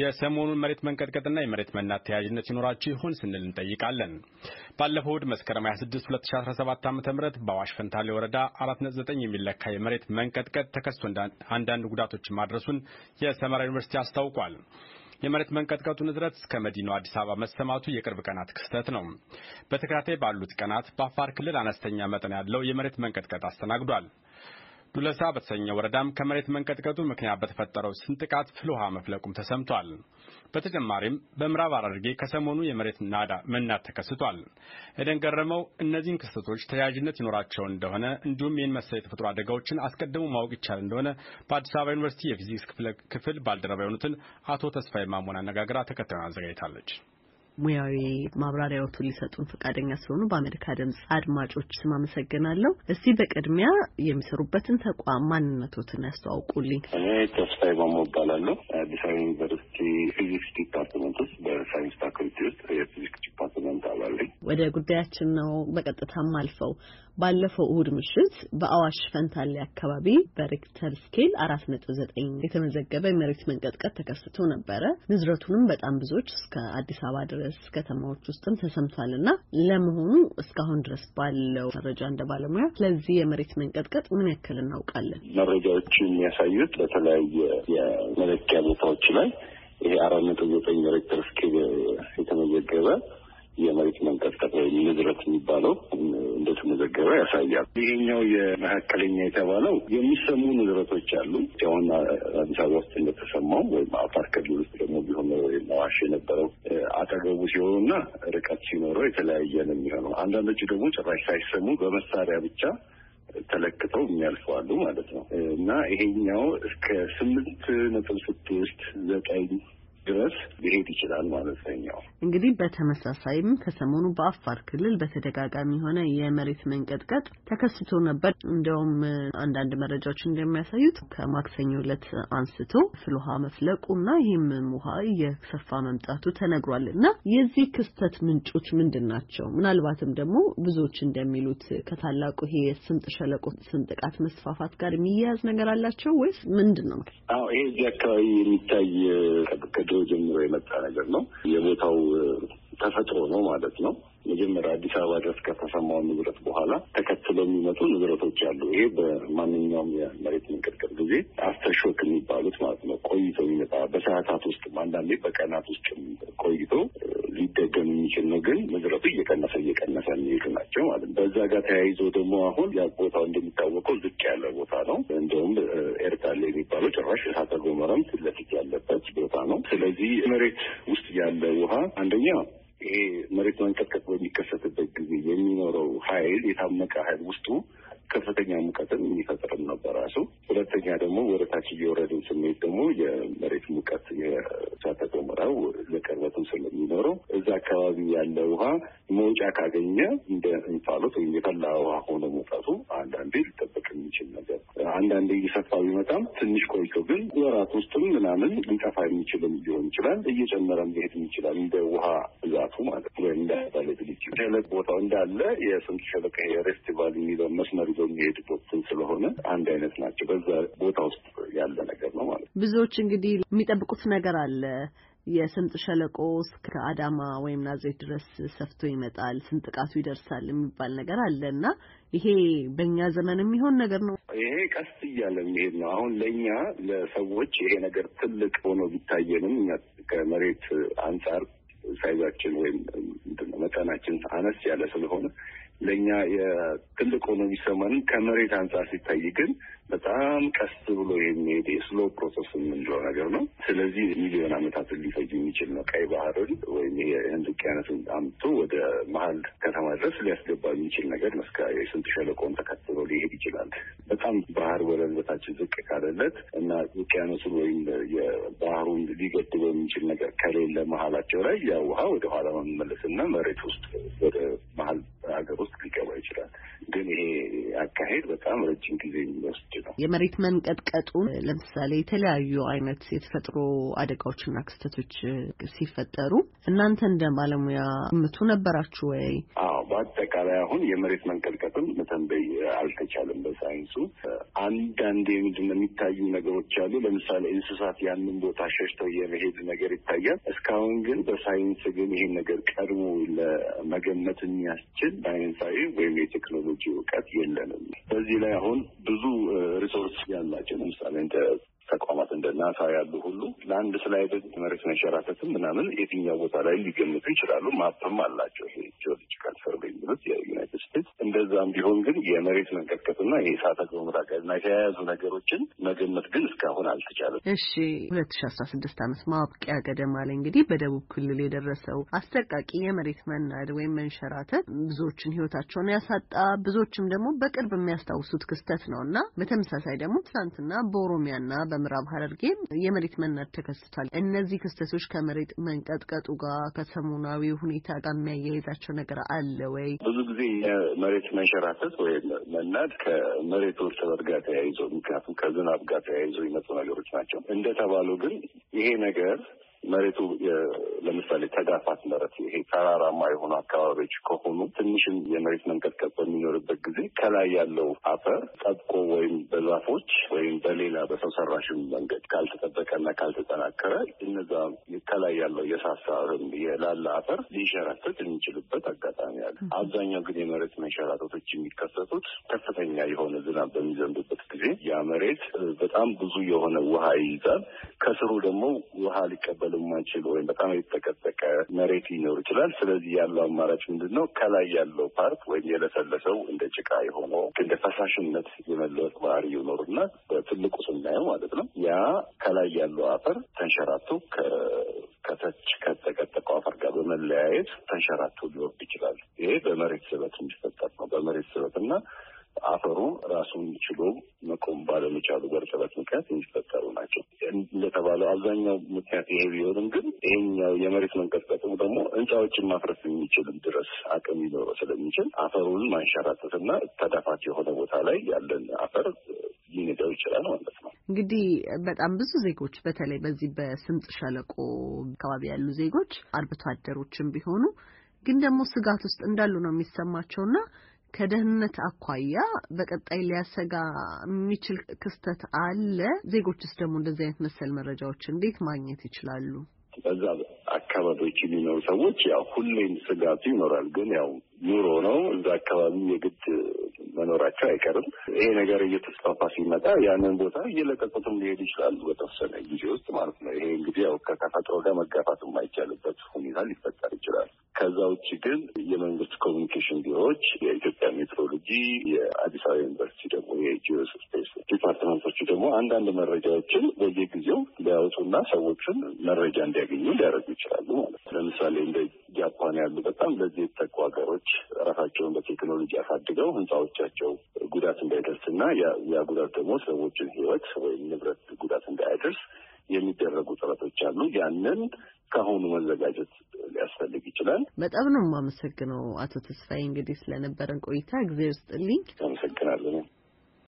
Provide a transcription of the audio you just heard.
የሰሞኑን መሬት መንቀጥቀጥና የመሬት መናት ተያያዥነት ሲኖራቸው ይሆን ስንል እንጠይቃለን። ባለፈው እሁድ መስከረም 26 2017 ዓ ም በአዋሽ ፈንታሌ ወረዳ 49 የሚለካ የመሬት መንቀጥቀጥ ተከስቶ አንዳንድ ጉዳቶችን ማድረሱን የሰመራ ዩኒቨርሲቲ አስታውቋል። የመሬት መንቀጥቀጡ ንዝረት እስከ መዲናው አዲስ አበባ መሰማቱ የቅርብ ቀናት ክስተት ነው። በተከታታይ ባሉት ቀናት በአፋር ክልል አነስተኛ መጠን ያለው የመሬት መንቀጥቀጥ አስተናግዷል። ዱለሳ በተሰኘ ወረዳም ከመሬት መንቀጥቀጡ ምክንያት በተፈጠረው ስንጥቃት ፍልውሃ መፍለቁም ተሰምቷል። በተጨማሪም በምዕራብ ሐረርጌ ከሰሞኑ የመሬት ናዳ መናት ተከስቷል። የደንገረመው እነዚህን ክስተቶች ተያያዥነት ይኖራቸው እንደሆነ እንዲሁም ይህን መሰል የተፈጥሮ አደጋዎችን አስቀድሞ ማወቅ ይቻል እንደሆነ በአዲስ አበባ ዩኒቨርሲቲ የፊዚክስ ክፍል ባልደረባ የሆኑትን አቶ ተስፋዬ ማሞን አነጋግራ ተከታዩን አዘጋጅታለች። ሙያዊ ማብራሪያዎቱን ሊሰጡን ፈቃደኛ ስለሆኑ በአሜሪካ ድምፅ አድማጮች ስም አመሰግናለሁ። እስቲ በቅድሚያ የሚሰሩበትን ተቋም ማንነቶትን ያስተዋውቁልኝ። እኔ ተስፋዬ ማሞ እባላለሁ። አዲስ አበባ ዩኒቨርሲቲ ፊዚክስ ወደ ጉዳያችን ነው በቀጥታም አልፈው ባለፈው እሁድ ምሽት በአዋሽ ፈንታሌ አካባቢ በሬክተር ስኬል አራት ነጥብ ዘጠኝ የተመዘገበ የመሬት መንቀጥቀጥ ተከስቶ ነበረ። ንዝረቱንም በጣም ብዙዎች እስከ አዲስ አበባ ድረስ ከተማዎች ውስጥም ተሰምቷል እና ለመሆኑ እስካሁን ድረስ ባለው መረጃ እንደ ባለሙያ ስለዚህ የመሬት መንቀጥቀጥ ምን ያክል እናውቃለን? መረጃዎቹ የሚያሳዩት በተለያየ የመለኪያ ቦታዎች ላይ ይሄ አራት ነጥብ ዘጠኝ ሬክተር ስኬል የተመዘገበ የመሬት መንቀጥቀጥ ወይም ንዝረት የሚባለው እንደተመዘገበ ያሳያል። ይሄኛው የመካከለኛ የተባለው የሚሰሙ ንዝረቶች አሉ። አሁን አዲስ አበባ ውስጥ እንደተሰማው ወይም አፋር ክልል ውስጥ ደግሞ ቢሆን ነዋሽ የነበረው አጠገቡ ሲሆኑ እና ርቀት ሲኖረው የተለያየ ነው የሚሆነው። አንዳንዶቹ ደግሞ ጭራሽ ሳይሰሙ በመሳሪያ ብቻ ተለክተው የሚያልፈዋሉ ማለት ነው እና ይሄኛው እስከ ስምንት ነጥብ ስድስት ዘጠኝ ድረስ ሊሄድ ይችላል ማለት ነው። እንግዲህ በተመሳሳይም ከሰሞኑ በአፋር ክልል በተደጋጋሚ የሆነ የመሬት መንቀጥቀጥ ተከስቶ ነበር። እንዲያውም አንዳንድ መረጃዎች እንደሚያሳዩት ከማክሰኞ ዕለት አንስቶ ፍል ውሃ መፍለቁ እና ይህም ውሃ እየሰፋ መምጣቱ ተነግሯል እና የዚህ ክስተት ምንጮች ምንድን ናቸው? ምናልባትም ደግሞ ብዙዎች እንደሚሉት ከታላቁ ይሄ የስምጥ ሸለቆ ስንጥቃት መስፋፋት ጋር የሚያያዝ ነገር አላቸው ወይስ ምንድን ነው? አዎ ይሄ እዚህ አካባቢ የሚታይ ከድሮ ጀምሮ የመጣ ነገር ነው። የቦታው ተፈጥሮ ነው ማለት ነው። መጀመሪያ አዲስ አበባ ድረስ ከተሰማው ንብረት በኋላ ተከትሎ የሚመጡ ንብረቶች አሉ። ይሄ በማንኛውም የመሬት መንቀጥቀጥ ጊዜ አስተርሾክ የሚባሉት ማለት ነው። ቆይተው ይመጣ በሰዓታት ውስጥ አንዳንዴ በቀናት ውስጥ ቆይቶ ሊደገም የሚችል ነው። ግን ንዝረቱ እየቀነሰ እየቀነሰ የሚሄዱ ናቸው ማለት ነው። በዛ ጋር ተያይዞ ደግሞ አሁን ያ ቦታው እንደሚታወቀው ዝቅ ያለ ቦታ ነው። እንደውም ኤርታሌ የሚባለው ጭራሽ እሳተ ገሞራም ፊት ለፊት ያለበት ቦታ ነው። ስለዚህ መሬት ውስጥ ያለ ውሃ አንደኛ ይሄ መሬት መንቀጥቀጥ በሚከሰትበት ጊዜ የሚኖረው ኃይል የታመቀ ኃይል ውስጡ ከፍተኛ ሙቀትን የሚፈጥርም ነበር ራሱ። ሁለተኛ ደግሞ ወደ ታች እየወረድን ስሜት ደግሞ የመሬት ሙቀት የእሳተ ገሞራው ለቅርበትም ስለሚኖረው እዛ አካባቢ ያለ ውሃ መውጫ ካገኘ እንደ እንፋሎት ወይም የፈላ ውሃ ሆነ ሙቀቱ አንዳንድ እየሰፋ ቢመጣም ትንሽ ቆይቶ ግን ወራት ውስጥም ምናምን ሊጠፋ የሚችልም ሊሆን ይችላል። እየጨመረም ሊሄድ ይችላል። እንደ ውሃ ብዛቱ ማለት ወይም እንደ ባለብልጅ ሸለቅ ቦታው እንዳለ የስምጥ ሸለቀ ሬስቲቫል የሚለው መስመር ይዞ የሚሄድበት ስለሆነ አንድ አይነት ናቸው። በዛ ቦታ ውስጥ ያለ ነገር ነው ማለት ብዙዎች እንግዲህ የሚጠብቁት ነገር አለ የስምጥ ሸለቆ እስከ አዳማ ወይም ናዝሬት ድረስ ሰፍቶ ይመጣል፣ ስንጥቃቱ ይደርሳል የሚባል ነገር አለ እና ይሄ በእኛ ዘመን የሚሆን ነገር ነው። ይሄ ቀስ እያለ የሚሄድ ነው። አሁን ለእኛ ለሰዎች ይሄ ነገር ትልቅ ሆኖ ቢታየንም ከመሬት አንጻር ሳይዛችን ወይም መጠናችን አነስ ያለ ስለሆነ ለእኛ የትልቅ ሆኖ የሚሰማንን ከመሬት አንጻር ሲታይ ግን በጣም ቀስ ብሎ የሚሄድ የስሎ ፕሮሰስ የምንለው ነገር ነው። ስለዚህ ሚሊዮን ዓመታትን ሊፈጅ የሚችል ነው። ቀይ ባህርን ወይም የህንድ ውቅያኖስን አምጥቶ ወደ መሀል ከተማ ድረስ ሊያስገባ የሚችል ነገር ነው። እስከ የስምጥ ሸለቆን ተከትሎ ሊሄድ ይችላል። በጣም ባህር ወለል በታችን ዝቅ ካለለት እና ውቅያኖሱን ወይም የባህሩን ሊገድበ የሚችል ነገር ከሌለ መሀላቸው ላይ ያ ውሃ ወደ ኋላ መመለስና መሬት ውስጥ ወደ መሀል ሀገር ውስጥ ሊገባ ይችላል። ግን ይሄ አካሄድ በጣም ረጅም ጊዜ የሚወስድ ነው። የመሬት መንቀጥቀጡን ለምሳሌ የተለያዩ አይነት የተፈጥሮ አደጋዎችና ክስተቶች ሲፈጠሩ እናንተ እንደ ባለሙያ ምቱ ነበራችሁ ወይ? አዎ፣ በአጠቃላይ አሁን የመሬት መንቀጥቀጥም መተንበይ አልተቻለም በሳይንሱ። አንዳንድ ምንድን ነው የሚታዩ ነገሮች አሉ። ለምሳሌ እንስሳት ያንን ቦታ ሸሽተው የመሄድ ነገር ይታያል። እስካሁን ግን በሳይንስ ግን ይሄን ነገር ቀድሞ ለመገመት የሚያስችል ሳይንሳዊ ወይም የቴክኖሎጂ እውቀት የለንም። በዚህ ላይ አሁን ብዙ ሪሶርስ ያላቸው ለምሳሌ ተቋማት እንደ ናሳ ያሉ ሁሉ ለአንድ ስላይድ መሬት መንሸራተትም ምናምን የትኛው ቦታ ላይ ሊገምቱ ይችላሉ። ማፕም አላቸው። ይሄ ጂኦሎጂካል ሰርቬይ የሚሉት ዩናይትድ ስቴትስ። እንደዛም ቢሆን ግን የመሬት መንቀጥቀጥና የእሳተ ገሞራ ጋዝና የተያያዙ ነገሮችን መገመት ግን እስካሁን አልተቻለም። እሺ ሁለት ሺ አስራ ስድስት አመት ማብቂያ ገደማ ላይ እንግዲህ በደቡብ ክልል የደረሰው አስጠቃቂ የመሬት መናድ ወይም መንሸራተት ብዙዎችን ህይወታቸውን ያሳጣ ብዙዎችም ደግሞ በቅርብ የሚያስታውሱት ክስተት ነው እና በተመሳሳይ ደግሞ ትናንትና በኦሮሚያና በምዕራብ ሀረርጌ የመሬት መናድ ተከስቷል። እነዚህ ክስተቶች ከመሬት መንቀጥቀጡ ጋር ከሰሞናዊ ሁኔታ ጋር የሚያያይዛቸው ነገር አለ ወይ? ብዙ ጊዜ የመሬት መንሸራተት ወይም መናድ ከመሬት እርጥበት ጋር ተያይዞ ምክንያቱም ከዝናብ ጋር ተያይዞ የመጡ ነገሮች ናቸው። እንደተባለው ግን ይሄ ነገር መሬቱ ለምሳሌ ተጋፋት መሬት ይሄ ተራራማ የሆኑ አካባቢዎች ከሆኑ ትንሽም የመሬት መንቀጥቀጥ በሚኖርበት ጊዜ ከላይ ያለው አፈር ጠብቆ ወይም በዛፎች ወይም በሌላ በሰው ሰራሽም መንገድ ካልተጠበቀና ካልተጠናከረ እነዛ ከላይ ያለው የሳሳ የላለ አፈር ሊንሸራተት የሚችልበት አጋጣሚ አለ። አብዛኛው ግን የመሬት መንሸራተቶች የሚከሰቱት ከፍተኛ የሆነ ዝናብ በሚዘንብበት ጊዜ ያ መሬት በጣም ብዙ የሆነ ውሃ ይይዛል። ከስሩ ደግሞ ውሃ ሊቀበል መብቀል የማይችል ወይም በጣም የተጠቀጠቀ መሬት ሊኖር ይችላል። ስለዚህ ያለው አማራጭ ምንድን ነው? ከላይ ያለው ፓርት ወይም የለሰለሰው እንደ ጭቃ የሆነው እንደ ፈሳሽነት የመለወጥ ባህሪ ይኖርና በትልቁ ስናየው ማለት ነው ያ ከላይ ያለው አፈር ተንሸራቶ ከተች ከተቀጠቀው አፈር ጋር በመለያየት ተንሸራቶ ሊወርድ ይችላል። ይሄ በመሬት ስበት እንዲፈጠር ነው። በመሬት ስበት ስበትና አፈሩ ራሱን ችሎ መቆም ባለመቻሉ በእርጥበት ምክንያት የሚፈጠሩ ናቸው። እንደተባለው አብዛኛው ምክንያት ይሄ ቢሆንም ግን ይሄኛው የመሬት መንቀጥቀጡ ደግሞ ህንፃዎችን ማፍረስ የሚችልም ድረስ አቅም ሊኖረው ስለሚችል አፈሩን ማንሸራተትና ተዳፋት የሆነ ቦታ ላይ ያለን አፈር ሊነዳው ይችላል ማለት ነው። እንግዲህ በጣም ብዙ ዜጎች በተለይ በዚህ በስምጥ ሸለቆ አካባቢ ያሉ ዜጎች አርብቶ አደሮችም ቢሆኑ ግን ደግሞ ስጋት ውስጥ እንዳሉ ነው የሚሰማቸውና ከደህንነት አኳያ በቀጣይ ሊያሰጋ የሚችል ክስተት አለ? ዜጎችስ ደግሞ እንደዚህ አይነት መሰል መረጃዎች እንዴት ማግኘት ይችላሉ? በዛ አካባቢዎች የሚኖሩ ሰዎች ያው ሁሌም ስጋቱ ይኖራል። ግን ያው ኑሮ ነው። እዛ አካባቢ የግድ መኖራቸው አይቀርም። ይሄ ነገር እየተስፋፋ ሲመጣ ያንን ቦታ እየለቀቁትም ሊሄዱ ይችላሉ በተወሰነ ጊዜ ውስጥ ማለት ነው። ይሄ እንግዲህ ያው ከተፈጥሮ ጋር መጋፋት የማይቻልበት ሁኔታ ሊፈጠር ይችላል። ከዛ ውጭ ግን የመንግስት ኮሚኒኬሽን ቢሮዎች፣ የኢትዮጵያ ሜትሮሎጂ፣ የአዲስ አበባ ዩኒቨርሲቲ ደግሞ የጂኦ ስፔስ ዲፓርትመንቶቹ ደግሞ አንዳንድ መረጃዎችን በየጊዜው ሊያወጡና ሰዎችን መረጃ እንዲያገኙ ሊያደርጉ ይችላሉ ማለት ነው። ለምሳሌ እንደ ጃፓን ያሉ በጣም ለዚህ የተጠቁ ሀገሮች ራሳቸውን በቴክኖሎጂ አሳድገው ህንፃዎቻቸው ጉዳት እንዳይደርስ እና ያ ጉዳት ደግሞ ሰዎችን ህይወት ወይም ንብረት ጉዳት እንዳያደርስ የሚደረጉ ጥረቶች አሉ። ያንን ከአሁኑ መዘጋጀት ሊያስፈልግ ይችላል። በጣም ነው የማመሰግነው አቶ ተስፋዬ እንግዲህ ስለነበረን ቆይታ እግዜር ስጥልኝ። አመሰግናለሁ።